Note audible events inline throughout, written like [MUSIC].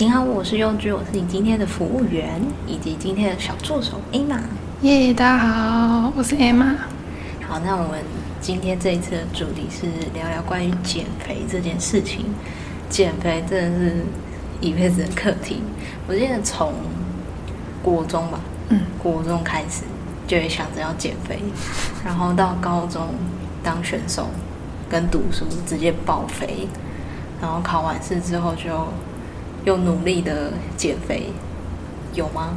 你好，我是祐 G，我是你今天的服務員以及今天的小助手 Emma。耶，yeah, 大家好，我是 Emma。好，那我們今天這一次的主題是聊聊關於減肥這件事情。減肥真的是一輩子的課題。我記得從國中吧，嗯，國中開始就想着要減肥，然後到高中當選手跟讀書直接爆肥，然後考完試之後就。有努力的減肥，有嗎？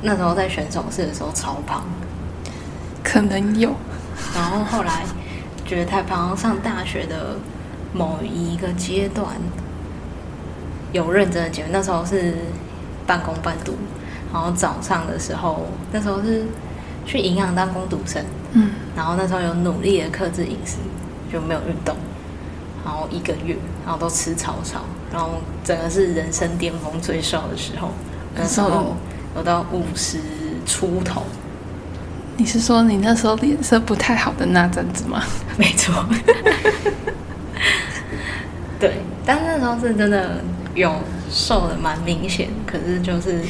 那時候在選手試的時候超胖，可能有。然後後來覺得太胖，上大學的某一個階段有認真的減肥。那時候是半工半讀，然後早上的時候那時候是去營養當工讀生，嗯，然後那時候有努力的克制飲食，就沒有運動。然後一個月，然後都吃草草，然後整個是人生巔峰最瘦的時候，那時候我到五十出頭。嗯。你是說你那時候臉色不太好的那陣子嗎？沒錯。 [LAUGHS] [LAUGHS] 對，但是那時候是真的有瘦的蠻明顯，可是就是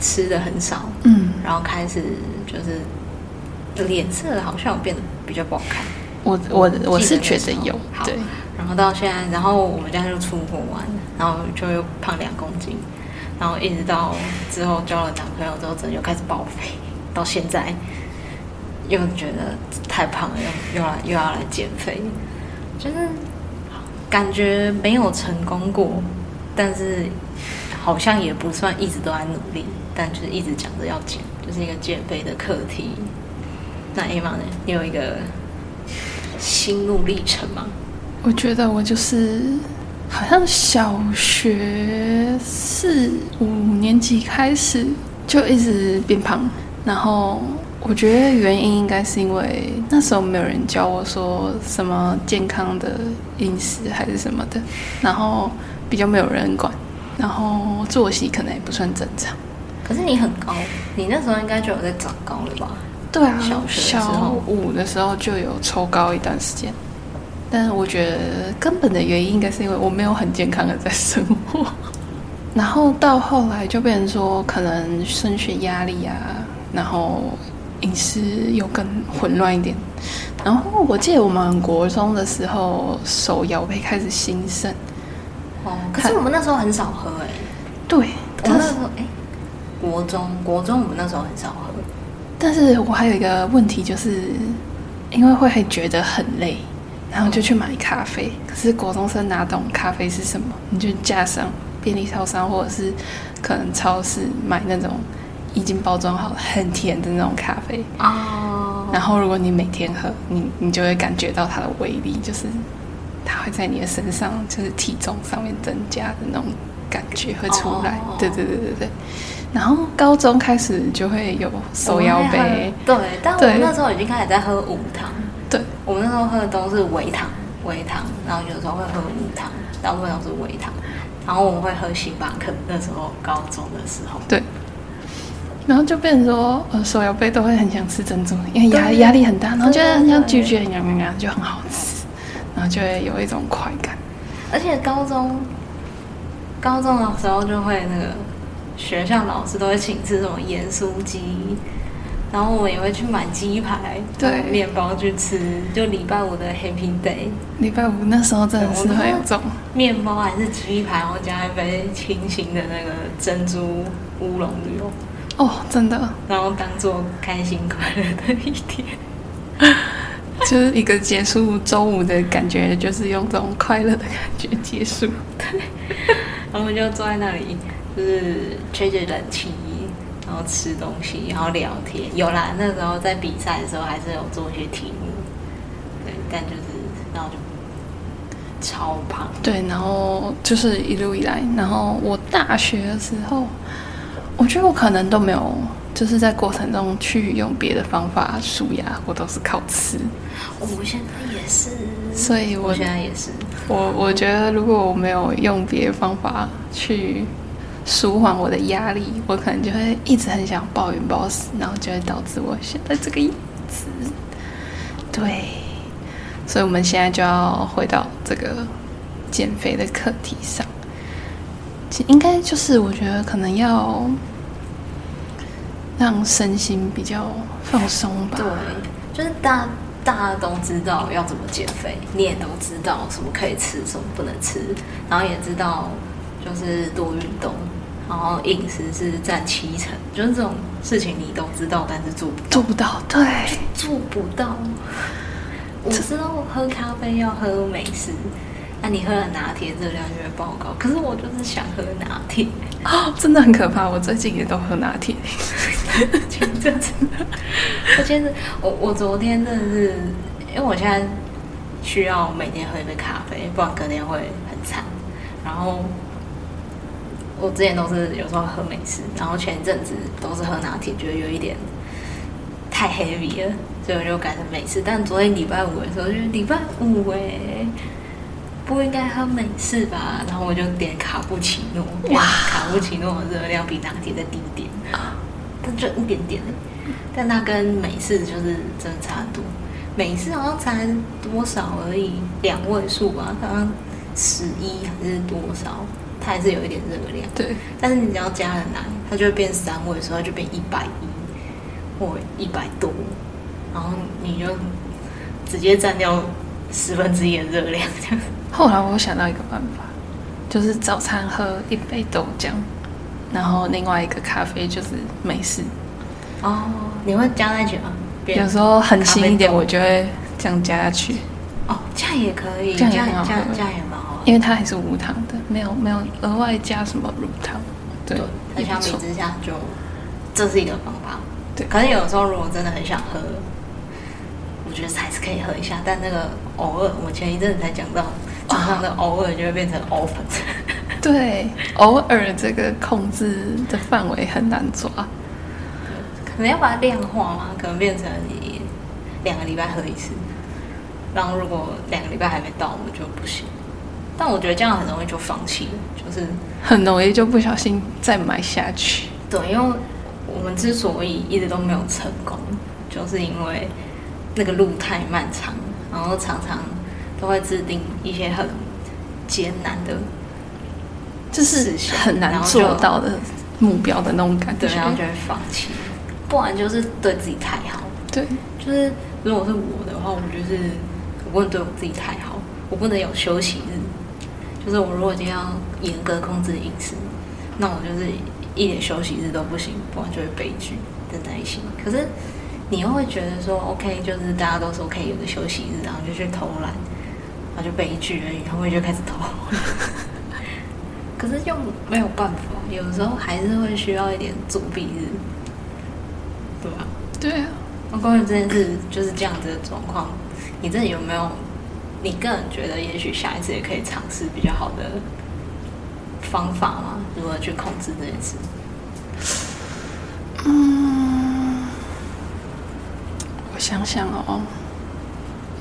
吃的很少，嗯，然後開始就是臉色好像有變得比較不好看。我我我是覺得有對。然後到現在，然後我們家就出國玩，然後就又胖兩公斤，然後一直到之後交了男朋友之後，真的又開始暴肥，到現在又覺得太胖了，又又要又要來減肥，就是感覺沒有成功過，但是好像也不算一直都在努力，但就是一直講着要減，就是一個減肥的課題。那 Emma 呢？你有一個心路歷程嗎？我覺得我就是，好像小學四五年級開始就一直變胖，然後我覺得原因應該是因為那時候沒有人教我說什麼健康的飲食還是什麼的，然後比較沒有人管，然後作息可能也不算正常。可是你很高，你那時候應該就有在長高了吧？對啊，小學，小五的時候就有抽高一段時間。但是我覺得根本的原因應該是因為我沒有很健康的在生活， [LAUGHS] 然後到後來就變成說可能升學壓力啊，然後飲食又更混亂一點。然後我記得我們國中的時候，手搖杯開始興盛。哦，可是我們那時候很少喝哎、欸。對，我們那時候哎、欸，國中，國中我們那時候很少喝。但是我還有一個問題，就是因為會還覺得很累。然後就去買咖啡，可是國中生哪懂咖啡是什麼？你就架上便利超商，或者是可能超市買那種已經包裝好、很甜的那種咖啡。哦。然後如果你每天喝，你你就會感覺到它的威力，就是它會在你的身上，就是體重上面增加的那種感覺會出來。哦、對對對對對。然後高中開始就會有手搖杯，對，但我那時候已經開始在喝無糖。我們那時候喝的都是微糖，微糖，然後有時候會喝乳糖，大部分都是微糖。然後我們會喝星巴克，那時候高中的時候。對。然後就變成說，呃，手搖杯都會很想吃珍珠，因為壓力壓力很大，然後覺得很想咀嚼，很綿綿就很好吃，然後就會有一種快感。而且高中高中的時候就會那個學校老師都會請吃這種鹽酥雞。然後我們也會去買雞排、對麵包去吃，就禮拜五的 Happy Day。禮拜五那時候真的是會有這種麵包還是雞排，然後加一杯清新的那個珍珠烏龍茶。哦，真的。然後當做開心快樂的一天，就是一個結束週五的感覺， [LAUGHS] 就是用這種快樂的感覺結束。對，然後就坐在那裡，就是吹着冷氣。然後吃東西，然後聊天，有啦。那時候在比賽的時候還是有做一些題目，對，但就是然後就超胖。對，然後就是一路以來，然後我大學的時候，我覺得我可能都沒有，就是在過程中去用別的方法數牙，我都是靠吃。我現在也是，所以我，我現在也是。我我覺得如果我沒有用別的方法去。舒緩我的壓力，我可能就會一直很想暴飲暴食，然後就會導致我現在這個樣子。對，所以我們現在就要回到這個減肥的課題上。應該就是我覺得可能要讓身心比較放鬆吧。對，就是大大家都知道要怎麼減肥，你也都知道什麼可以吃、什麼不能吃，然後也知道就是多運動。然後飲食是佔七成。就是這種事情你都知道，但是做不到做不到，對，做不到。我知道我喝咖啡要喝美式，那你喝了拿鐵熱量就會爆高。可是我就是想喝拿鐵，哦，真的很可怕。我最近也都喝拿鐵，真 [LAUGHS] 的其實。 [LAUGHS] 我其我我昨天真的是，因為我現在需要每天喝一杯咖啡，不然隔天會很慘。然後。我之前都是有時候喝美式，然後前一陣子都是喝拿鐵，覺得有一點太 heavy 了，所以我就改成美式。但昨天禮拜五的時候，覺得禮拜五哎，不應該喝美式吧？然後我就點卡布奇諾，哇，卡布奇諾的熱量比拿鐵再低一點，但就一點點了。但它跟美式就是真的差很多，美式好像才多少而已，兩位數吧，好像十一還是多少？它還是有一點熱量，對。但是你只要加了奶，它就會變三位，所以就變一百一或一百多，然後你就直接占掉十分之一的熱量。後來我想到一個辦法，就是早餐喝一杯豆漿，然後另外一個咖啡就是美式。哦，你會加在一起嗎？有時候狠心一點，我就會這樣加下去。哦，這樣也可以，這樣這樣這樣也蠻好，因為它還是無糖的。沒有沒有額外加什麼乳糖，對，對，相比之下就這是一個方法。對，可是有的時候如果真的很想喝，我覺得還是可以喝一下。但那個偶爾，我前一陣子才講到，常、哦、常的偶爾就會變成 often。對， [LAUGHS] 偶爾這個控制的範圍很難抓。可能要把它變化嗎？可能變成你兩個禮拜喝一次，然後如果兩個禮拜還沒到，我就不行。但我覺得這樣很容易就放棄了，就是很容易就不小心再埋下去。對，因為我們之所以一直都沒有成功，就是因為那個路太漫長，然後常常都會制定一些很艱難的，就是很難做到的目標的那種感覺，對，然後就會放棄。不然就是對自己太好。對，就是如果是我的話，我就是我不能對我自己太好，我不能有休息日。就是我如果今天要嚴格控制飲食，那我就是一點休息日都不行，不然就會悲劇。的擔心，可是你又會覺得說，OK，就是大家都說可以有個休息日，然後就去偷懶，然後就悲劇而已，然後就就開始偷。 [LAUGHS] 可是又沒有辦法，有時候還是會需要一點作弊日，對吧？對啊。那、啊、關於這件事 [COUGHS] 就是這樣子的狀況，你這裡有沒有？你個人覺得，也許下一次也可以嘗試比較好的方法嗎？如何去控制這一次？嗯，我想想哦，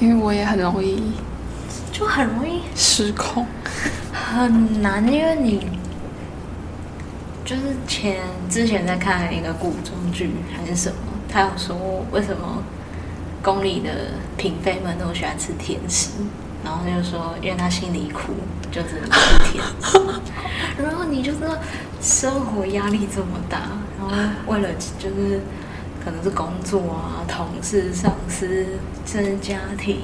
因為我也很容易，就很容易失控，很難。因為你就是前之前在看了一個古裝劇還是什麼，他有說為什麼？宮裡的嬪妃們都喜歡吃甜食，然後就說，因為他心裡苦，就是吃甜食。 [LAUGHS] 然後你就知道生活壓力這麼大，然後為了就是可能是工作啊、同事、上司、甚至家庭，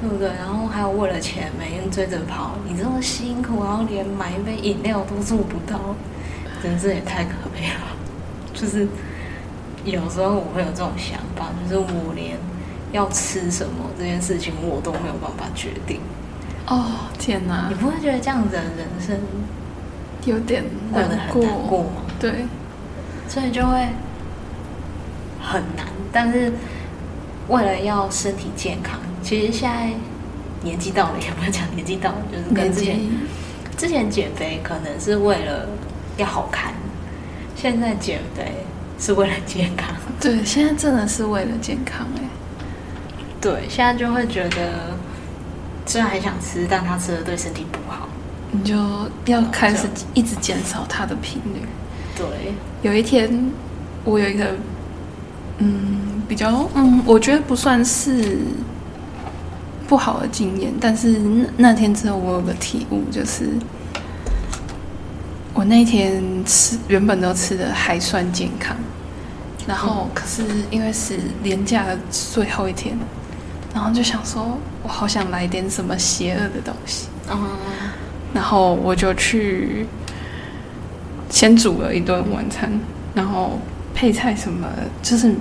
對不對？然後還有為了錢每天追着跑，你這麼辛苦，然後連買一杯飲料都做不到，真是也太可悲了，就是。有時候我會有這種想法，就是我連要吃什麼這件事情，我都沒有辦法決定。哦，天哪，啊！你不會覺得這樣子的人生有點難過，很難過嗎？對，所以就會很難。但是為了要身體健康，其實現在年紀到了，也不要講年紀到了，就是跟之前之前減肥可能是為了要好看，現在減肥。是為了健康。對，現在真的是為了健康欸。對，現在就會覺得雖然很想吃，但它吃的對身體不好，你就要開始一直減少它的頻率。對，有一天我有一個嗯比較嗯，我覺得不算是不好的經驗，但是那，那天之後我有個體悟就是。我那一天吃原本都吃得還算健康，然後可是因為是連假的最後一天，然後就想說，我好想來點什麼邪惡的東西。嗯。然後我就去先煮了一頓晚餐，然後配菜什麼就是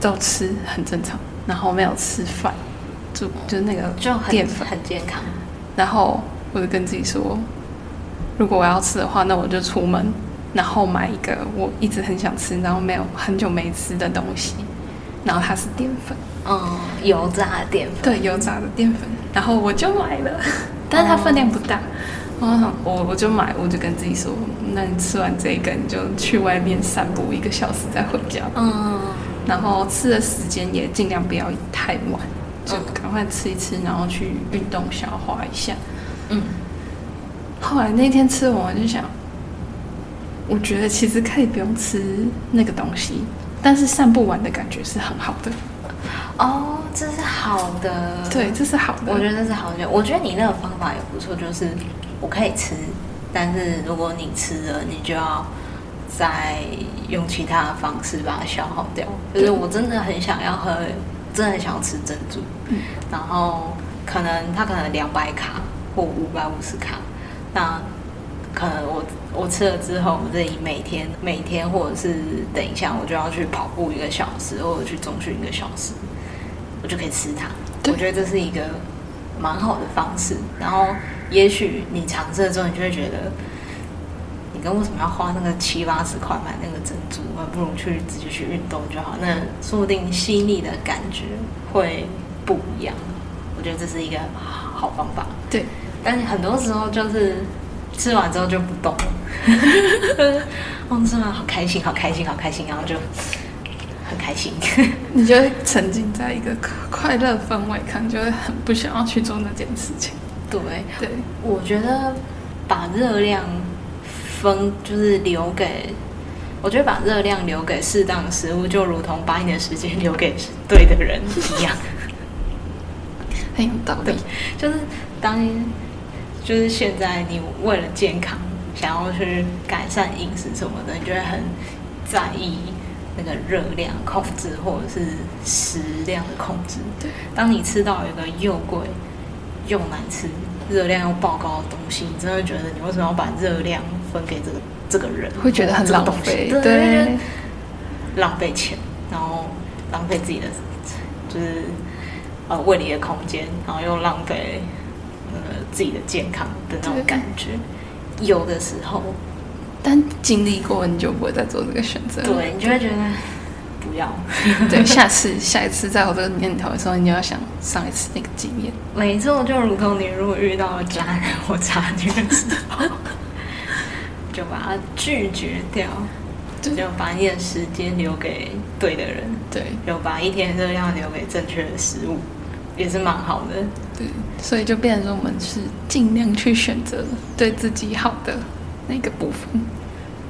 都吃很正常，然後沒有吃飯，就就是那個澱粉就很很健康。然後我就跟自己說。如果我要吃的話，那我就出門，然後買一個我一直很想吃，然後沒有很久沒吃的東西，然後它是澱粉，哦、嗯，油炸的澱粉，對，油炸的澱粉，然後我就買了，但是它分量不大，嗯、我我就買，我就跟自己說，那你吃完這個，你就去外面散步一個小時再回家，嗯，然後吃的時間也儘量不要太晚，就趕快吃一吃，嗯、然後去運動消化一下，嗯。後來那天吃完，我就想，我覺得其實可以不用吃那個東西，但是散步完的感覺是很好的。哦，這是好的。對，這是好的。我覺得這是好的。我覺得你那個方法也不錯，就是我可以吃，但是如果你吃了，你就要再用其他的方式把它消耗掉。哦、就是我真的很想要喝，真的很想要吃珍珠，嗯、然後可能它可能兩百卡或五百五十卡。那可能我我吃了之後，我這裡每天每天，每天或者是等一下，我就要去跑步一個小時，或者去中訓一個小時，我就可以吃它。我覺得這是一個蠻好的方式。然後，也許你嘗試了之後，你就會覺得，你跟為什麼要花那個七八十塊買那個珍珠，還不如去直接去運動就好。那說不定細膩的感覺會不一樣。我覺得這是一個好方法。對。但是很多時候就是吃完之後就不動了，吃 [LAUGHS] 完、哦、好開心，好開心，好開心，然後就很開心。 [LAUGHS] 你就沉浸在一個快樂氛圍，可能就會很不想要去做那件事情。對，對，我覺得把熱量分就是留給，我覺得把熱量留給適當的食物，就如同把你的時間留給對的人一樣。 [LAUGHS] [LAUGHS] 很有道理，就是當你，就是現在，你為了健康，想要去改善飲食什麼的，你就會很在意那個熱量控制或者是食量的控制。對，當你吃到一個又貴又難吃、熱量又爆高的東西，你真的覺得你為什麼要把熱量分給這個這個人？會覺得很浪費，對，浪費錢，然後浪費自己的就是呃胃裡的空間，然後又浪費。自己的健康的那種感覺，有的時候，但經歷過你就不會再做這個選擇，對你就會覺得不要。對，下次下一次再有這個念頭的時候、嗯，你就要想上一次那個經驗。每次我就如同你如果遇到了渣男或渣女的時候， [LAUGHS] 就把它拒絕掉，就把你的時間留給對的人。對，就把一天熱量留給正確的食物。也是蠻好的，對，所以就變成說，我們是盡量去選擇對自己好的那個部分，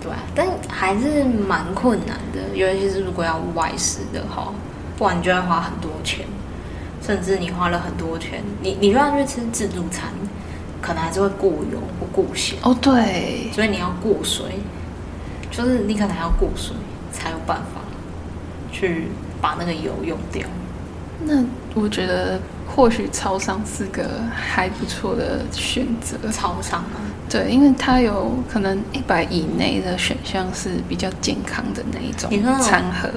對啊，但還是蠻困難的，尤其是如果要外食的話，不然你就會花很多錢，甚至你花了很多錢，你你如果去吃自助餐，可能還是會過油或過鹹哦，對，所以你要過水，就是你可能還要過水才有辦法去把那個油用掉，那。我覺得或許超商是個還不錯的選擇。超商嗎、啊？對，因為它有可能一百以內的選項是比較健康的那一種。你說那種餐盒？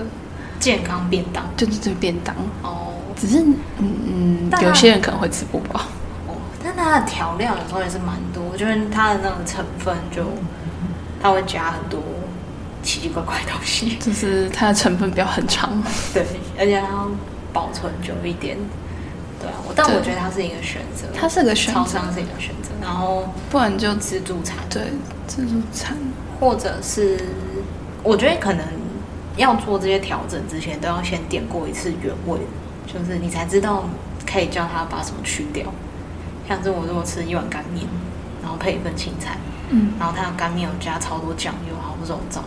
健康便當，嗯、就是便當。哦。只是嗯嗯，有些人可能會吃不飽。哦。但它的調料有時候也是蠻多，我覺得它的那種成分就，他會加很多奇奇怪怪的東西。就是它的成分比較很長。對，而且它。保存久一點，對啊，我但我覺得它是一個選擇，它是個選擇，超商是一個選擇，然後不然就自助餐，對，自助餐，或者是我覺得可能要做這些調整之前，都要先點過一次原味，就是你才知道可以叫他把什麼去掉。像這種，我如果吃一碗乾麵，然後配一份青菜，嗯，然後他的乾麵有加超多醬油，好重造，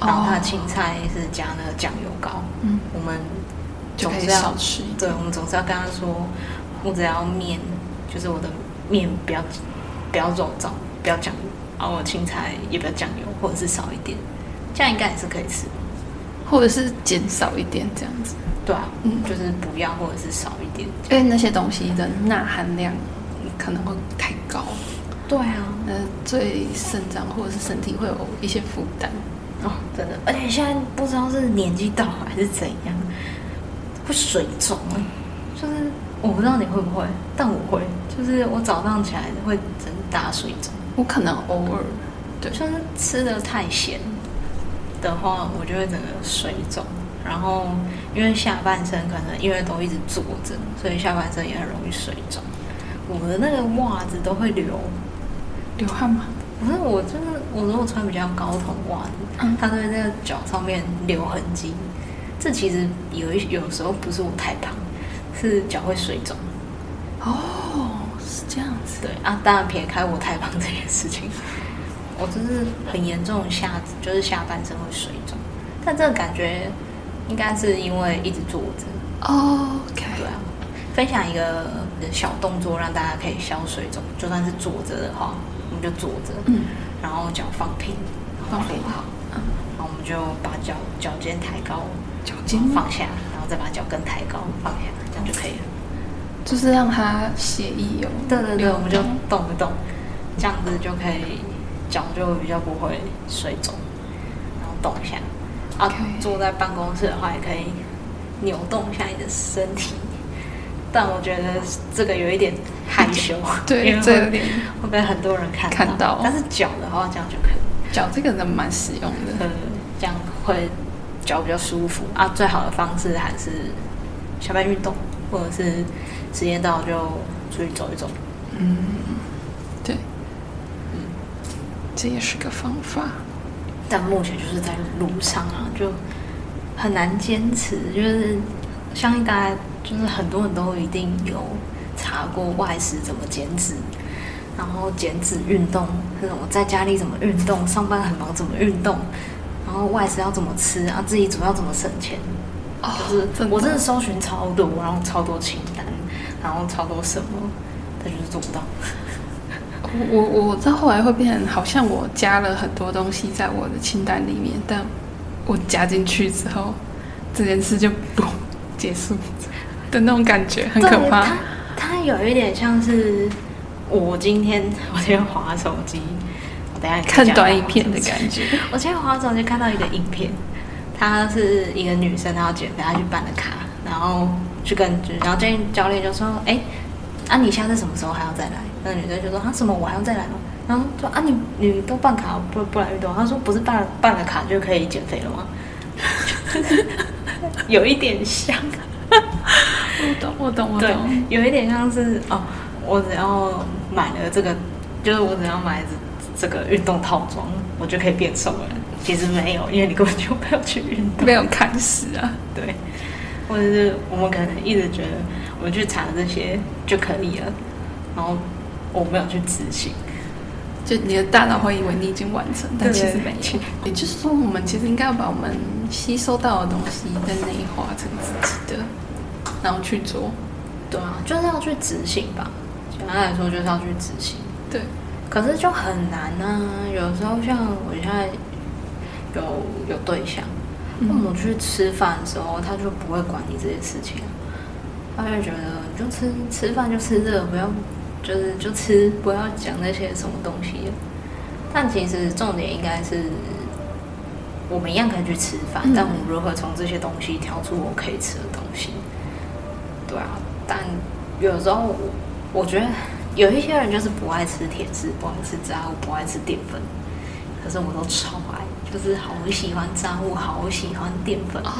然後他的青菜是加那個醬油膏，嗯、哦，我們。總是要就少吃。對，我們總是要跟他說，我只要麵，就是我的麵不要不要肉燥，不要醬油，我青菜也不要醬油，或者是少一點，這樣應該也是可以吃，或者是減少一點這樣子，對啊，嗯，就是不要或者是少一點，因為那些東西的鈉含量可能會太高，對、嗯、啊，呃，對腎臟或者是身體會有一些負擔，哦，真的，而且現在不知道是年紀到了還是怎樣。不水腫，就是我不知道你會不會，但我會，就是我早上起來會整大水腫。我可能偶爾，對，嗯、就是吃的太鹹的話，我就會整個水腫。然後因為下半身可能因為都一直坐着，所以下半身也很容易水腫。我的那個襪子都會流流汗嗎？不是，我就是我如果穿比較高筒襪，它在那個腳上面留痕跡。這其實有一有時候不是我太胖，是腳會水腫。哦，是這樣子。對啊，當然撇開我太胖這件事情， [LAUGHS] 我就是很嚴重的下就是下半身會水腫。但這個感覺應該是因為一直坐着。哦，OK。對啊，分享一個，一個小動作讓大家可以消水腫，就算是坐着的話，我們就坐着，嗯，然後腳放平，放平，平好，然後我們就把腳腳尖抬高。腳尖放下，然後再把腳跟抬高，放下，這樣就可以了。就是讓它血液循環哦，對對對，我們就動一動，這樣子就可以腳就比較不會水腫，然後動一下。Okay. 啊，坐在辦公室的話也可以扭動一下你的身體。但我覺得這個有一點害羞， [LAUGHS] 對，因為會被很多人看到，看到，哦。但是腳的話，這樣就可以。腳這個人蠻實用的，這樣會。腳比較舒服啊，最好的方式還是下班運動，或者是時間到就出去走一走。嗯，對，嗯，這也是個方法。但目前就是在路上啊，就很難堅持。就是相信大家，就是很多人都一定有查過外食怎麼減脂，然後減脂運動，那種我在家裡怎麼運動，上班很忙怎麼運動。然後外食要怎麼吃啊？自己煮要怎麼省錢？哦、就是真我真的搜尋超多，然後超多清單，然後超多什麼，但就是做不到。我我我到後來會變成，好像我加了很多東西在我的清單裡面，但我加進去之後，這件事就不結束的那種感覺，很可怕。它它有一點像是我今天我今天滑手機。嗯等下看短影片的感覺。 [LAUGHS] 我今天好早就看到一個影片，他是一個女生，她要減肥，她去辦了卡，然後去跟就，然後教練就說：“哎，啊，你下次什麼時候還要再來？”那個女生就說：“她什麼？我還要再來嗎？”然後說：“啊你，你你都辦卡不不來運動？”他說：“不是辦了辦了卡就可以減肥了嗎？” [LAUGHS] [LAUGHS] 有一點像， [LAUGHS] 我懂，我懂，我懂。我懂。有一點像是哦，我只要買了這個，就是我只要買了這個。 [LAUGHS] 這個運動套裝，我就可以變瘦了。其實沒有，因為你根本就沒有去運動，沒有開始啊。對，或者是我們可能一直覺得我們去查這些就可以了，然後我沒有去執行。就你的大腦會以為你已經完成，嗯、但其實沒去。也就是說，我們其實應該要把我們吸收到的東西，再內化成自己的，然後去做。對啊，就是要去執行吧。簡單來說，就是要去執行。對。可是就很難吶、啊，有時候像我現在有有對象，父、嗯、母去吃飯的時候，他就不會管你這些事情。他就覺得你就吃吃飯就吃這，個，不要就是就吃，不要講那些什麼東西了。但其實重點應該是我們一樣可以去吃飯、嗯，但我們如何從這些東西挑出我可以吃的東西？對啊，但有時候我，我覺得。有一些人就是不愛吃甜食，不愛吃炸物，不愛吃澱粉。可是我都超愛，就是好喜歡炸物，好喜歡澱粉、哦，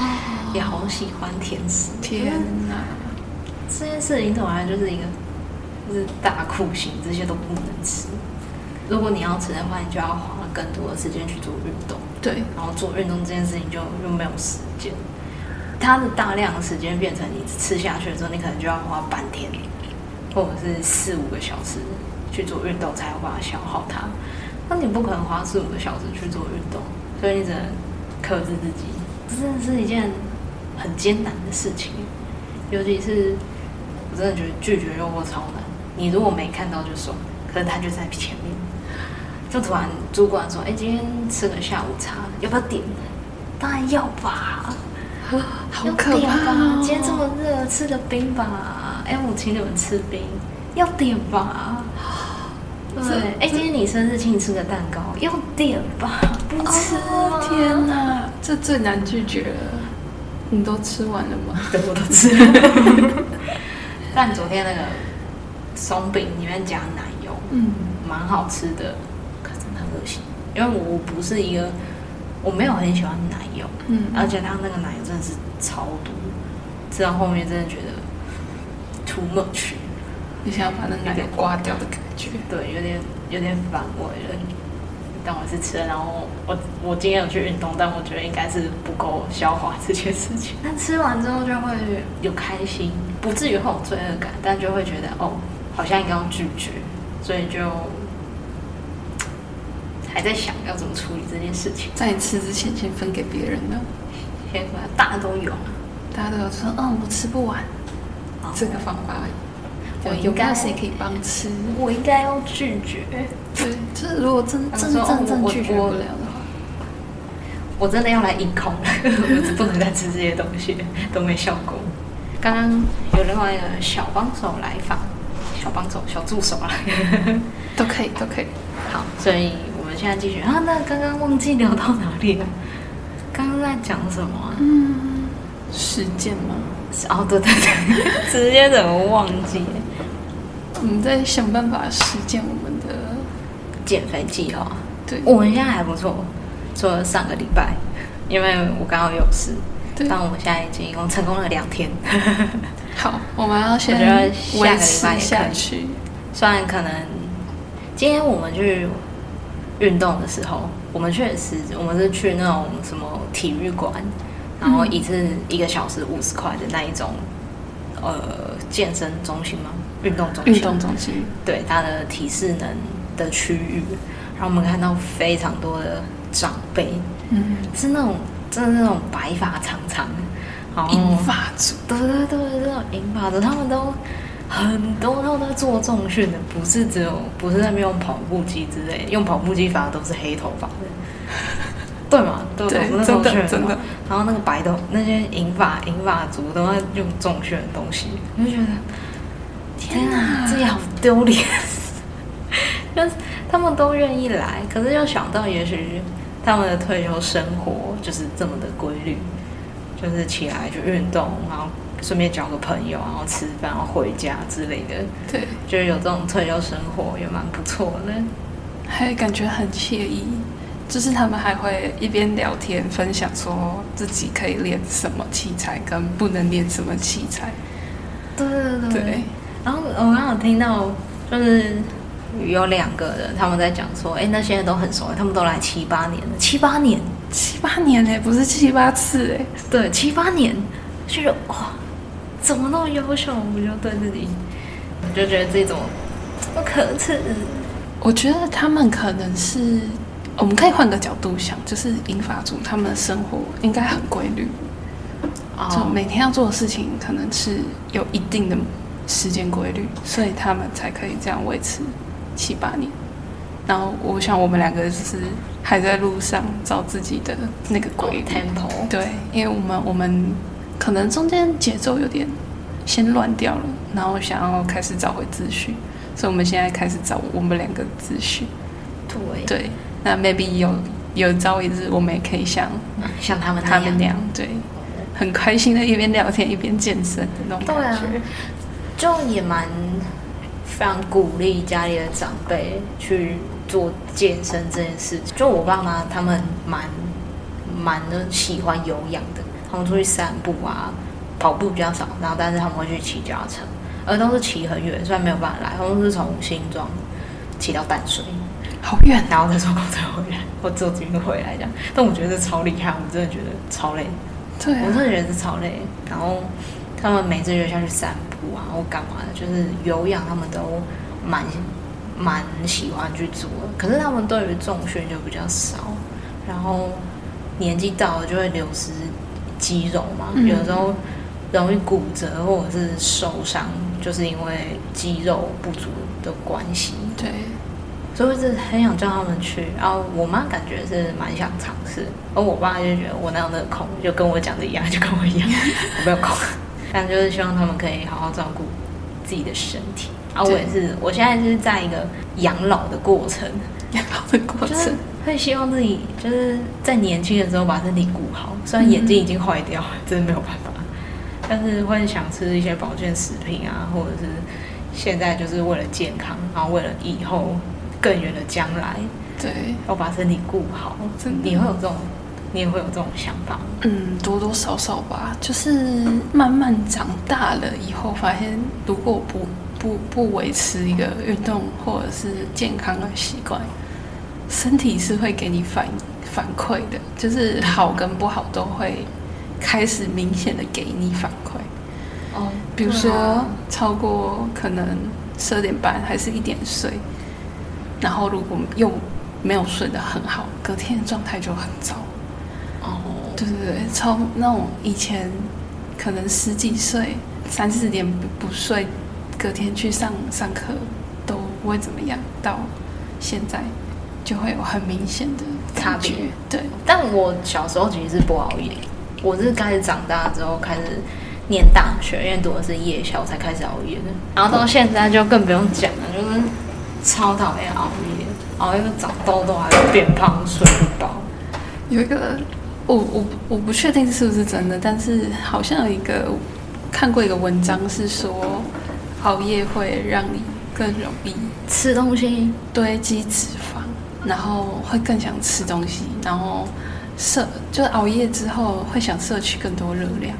也好喜歡甜食。天哪！嗯、這件事情本來就是一個就是大酷刑，這些都不能吃。如果你要吃的話，你就要花更多的時間去做運動。對。然後做運動這件事情就就沒有時間，它的大量的時間變成你吃下去的時候，你可能就要花半天。或者是四五個小時去做運動才有辦法消耗它，那你不可能花四五個小時去做運動，所以你只能克制自己，這真的是一件很艱難的事情。尤其是我真的覺得拒絕誘惑超難。你如果沒看到就爽，可是他就在前面，就突然主管說：“哎，今天吃個下午茶，要不要點？”當然要吧，好可怕哦！今天這麼熱，吃個冰吧。哎、欸，我請你們吃冰，要點吧？對。哎、欸，今天你生日，請你吃個蛋糕，要點吧？不吃、啊，天哪，這最難拒絕了。你都吃完了嗎？等我都吃了。 [LAUGHS] [LAUGHS] 但昨天那個鬆餅裡面加奶油，嗯，蠻好吃的。嗯、可真的很噁心，因為我我不是一個，我沒有很喜歡奶油，嗯，而且他那個奶油真的是超多，吃到後面真的覺得。塗抹去，你想要把那奶油刮掉的感覺？對，有點有點反胃了。但我是吃了，然後我我今天有去運動，但我覺得應該是不夠消化這件事情。那 [LAUGHS] 吃完之後就會有開心，不至於會有罪惡感，但就會覺得哦，好像應該要拒絕，所以就還在想要怎麼處理這件事情。在你吃之前先分給別人呢？先把大都有，大家都有說嗯、哦，我吃不完。這個方法，我應該些可以幫吃？我應該要拒絕。對，就是如果真真真真，真，真拒絕不了的話，我真的要來硬控了， [LAUGHS] 我不能再吃這些東西，都沒效果。剛 [LAUGHS] 剛有另外一個小幫手來訪，小幫手、小助手啊， [LAUGHS] 都可以，都可以。好，所以我們現在繼續啊。那剛剛忘記聊到哪裡了？剛、嗯、剛在講什麼、啊？嗯。實踐嗎？哦，對對對，直接怎麼忘記？我 [LAUGHS] 們在想辦法實踐我們的減肥計劃。對，我們現在還不錯，除了上個禮拜，因為我剛好有事。但我們現在已經成功了兩天。好，我們要下我下個禮拜下去。雖然可能今天我們去運動的時候，我們確實我們是去那種什麼體育館。然後一次一個小時五十塊的那一種，呃，健身中心嗎？運動中心。運動中心。對，它的體適能的區域，然後我們看到非常多的長輩，嗯，是那種真的、就是那種白髮長長然後白髮蒼蒼，銀髮族。對對對對，對，這種銀髮族，他們都很多他們都在做重訓的，不是只有不是在那邊用跑步機之類，用跑步機反而都是黑頭髮的，對嘛？對，真的真的。真的然後那個白的那些銀髮銀髮族都在用重訓的東西，我就覺得，天啊，這也好丟臉。 [LAUGHS] 就是他們都願意來，可是又想到也許他們的退休生活就是這麼的規律，就是起來就運動，然後順便交個朋友，然後吃飯，然後回家之類的。對，就是有這種退休生活也蠻不錯的，還感覺很愜意。就是他們還會一邊聊天分享，說自己可以練什麼器材，跟不能練什麼器材。對對對對。然後我剛好聽到，就是有兩個人他們在講說：“哎，那些人都很熟、欸，他們都來七八年了。”七八年，七八年哎、欸，不是七八次哎、欸，對，對，七八年。就覺得哇，怎麼那麼優秀？我就對自己，我就覺得自己怎麼，怎麼可恥。我覺得他們可能是。我們可以換個角度想，就是英法組他們的生活應該很規律，oh. 就每天要做的事情可能是有一定的時間規律，所以他們才可以這樣維持七八年。然後我想我們兩個就是還在路上找自己的那個規律，oh, 對，因為我們我們可能中間節奏有點先亂掉了，然後想要開始找回秩序，所以我們現在開始找我們兩個的秩序，對。對那 maybe 有有朝一日我們也可以像像他們他們那樣，對，很開心的一邊聊天一邊健身的那種感覺。對啊，就也蠻非常鼓勵家裡的長輩去做健身這件事情。就我爸媽他們蠻蠻喜歡有氧的，他們出去散步啊，跑步比較少，然後但是他們會去騎腳踏車，而都是騎很遠，雖然沒有辦法來，他們是從新莊，起到淡水，好遠，然後再坐火車回來，或坐軍車回來這樣。但我覺得這超厲害，我真的覺得超累。對、啊，我真的覺得超累。然後他們每次就下去散步啊，或幹嘛的，就是有氧，他們都蠻蠻喜歡去做的。可是他們對於重訓就比較少。然後年紀到了就會流失肌肉嘛，嗯、有的時候容易骨折或者是受傷，就是因為肌肉不足的關係。對。所以我就是很想叫他們去，然後我媽感覺是蠻想嘗試，而我爸就覺得我那樣的空，就跟我講的一樣，就跟我一樣我沒有空，但就是希望他們可以好好照顧自己的身體。啊，我也是，我現在就是在一個養老的過程，養老的過程會希望自己就是在年輕的時候把身體顧好，雖然眼睛已經壞掉、嗯，真的沒有辦法，但是會想吃一些保健食品啊，或者是現在就是為了健康，然後為了以後，更遠的將來，對，要把身體顧好。哦，你也會有這種，你也會有這種想法，嗯，多多少少吧，就是慢慢長大了以後，發現如果不不不維持一個運動或者是健康的習慣，嗯、身體是會給你反反饋的，就是好跟不好都會開始明顯的給你反饋。哦、嗯，比如說、嗯、超過可能十二點半還是一點睡。然後，如果又沒有睡得很好，隔天的狀態就很糟。哦，對對對，從那種以前可能十幾歲三四點不，不睡，隔天去上上課都不會怎麼樣，到現在就會有很明顯的差別。對，但我小時候其實是不熬夜，我是開始長大之後開始念大學，因為讀的是夜校才開始熬夜的。然後到現在就更不用講了，嗯、就是。超討厭熬夜，熬夜長痘痘，還有變胖、睡不飽。有一個，我我我不確定是不是真的，但是好像有一個看過一個文章是說，熬夜會讓你更容易吃東西，堆積脂肪，然後會更想吃東西，然後攝就是熬夜之後會想攝取更多熱量。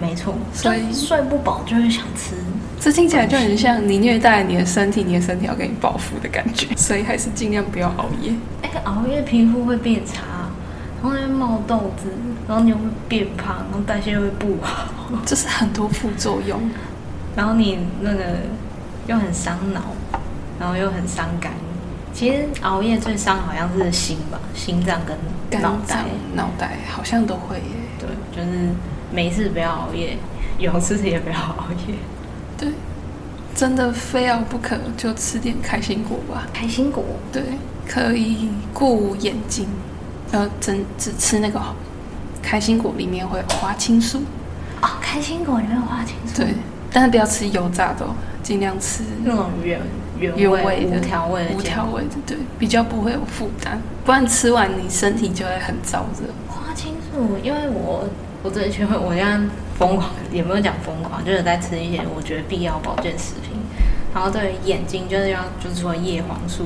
沒錯，所以睡不飽就會想吃。這聽起來就很像你虐待你的身體，你的身體要給你報復的感覺，所以還是盡量不要熬夜。哎，熬夜皮膚會變差，然後會冒痘子，然後你又會變胖，然後代謝又會不好，這是很多副作用。 [LAUGHS] 然後你那個又很傷腦，然後又很傷肝。其實熬夜最傷好像是心吧，心臟跟腦袋肝臟、腦袋好像都會耶。對，就是沒事不要熬夜，有事情也不要熬夜。對，真的非要不可就吃點開心果吧。開心果，對，可以顧眼睛。要真只吃那個開心果，裡面會有花青素。哦，開心果裡面有花青素。對，但是不要吃油炸的、哦，儘量吃那種原原味，原味的、無調味的、無調味的，對，比較不會有負擔。不然吃完你身體就會很燥熱。花青素，因為我我最近學會，我現在瘋狂。也沒有講瘋狂，就是在吃一些我覺得必要保健食品。然後對眼睛就，就是要就是說葉黃素、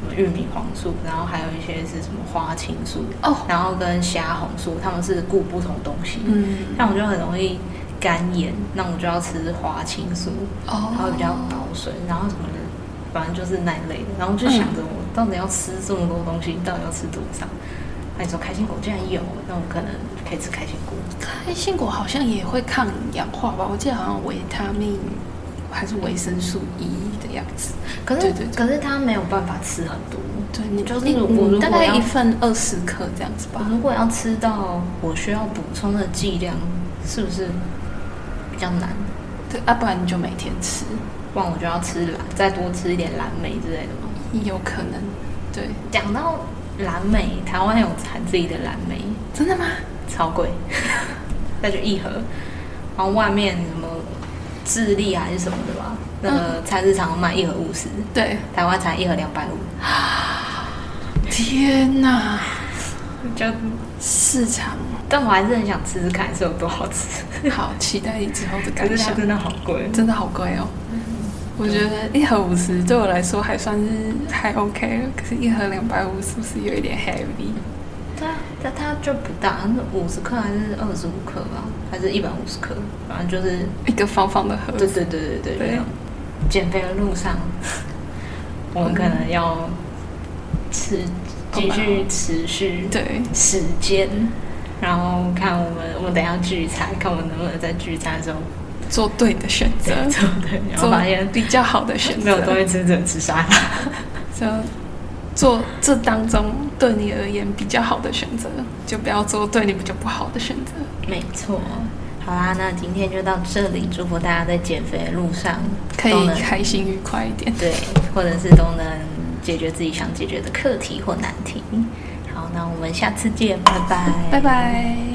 什麼玉米黃素，然後還有一些是什麼花青素，哦，oh. 然後跟蝦紅素，他們是顧不同東西。嗯，像我就很容易乾眼，那我就要吃花青素，哦，它、oh. 會比較保水。然後什麼的，反正就是那一類的。然後就想着我到底要吃這麼多東西，嗯、到底要吃多少？那、啊、你說開心果竟然有，那我可能可以吃開心果。開心果好像也會抗氧化吧？我記得好像維他命還是維生素 E 的樣子。可是，對對對，可是它沒有辦法吃很多。對，你就是如果、嗯如果嗯，大概一份二十克這樣子吧。如果要吃到我需要補充的劑量，是不是比較難？對，要、啊、不然你就每天吃，不然我就要吃藍，再多吃一點藍莓之類的嘛，有可能。對，講到。藍莓，台灣有產自己的藍莓？真的嗎？超貴，那就一盒，然後外面什麼智利還、啊、是什麼的吧、嗯，那個菜市場賣一盒五十，對，台灣產一盒兩百五，天哪，就市場，但我還是很想吃吃看，是有多好吃，好期待你之後的感覺，真的好貴，真的好貴哦。我覺得一盒五十對我來說還算是還 OK 了，可是，一盒兩百五是不是有一點 heavy？對啊，它它就不大，是五十克還是二十五克吧、啊，還是一百五十克，反正就是一個方方的盒子。對對對對對。對。減肥的路上，我們可能要持繼續持續對時間、oh 對，然後看我們我們等下聚餐，看我們能不能在聚餐中做對的選擇，做對，你有有做比較好的選擇。沒有東西吃只能吃沙拉。 [LAUGHS] 就做這當中對你而言比較好的選擇，就不要做對你比較不好的選擇。沒錯。好啦，那今天就到這裡，祝福大家在減肥的路上可以開心愉快一點。對，或者是都能解決自己想解決的課題或難題。好，那我們下次見，拜拜，拜拜。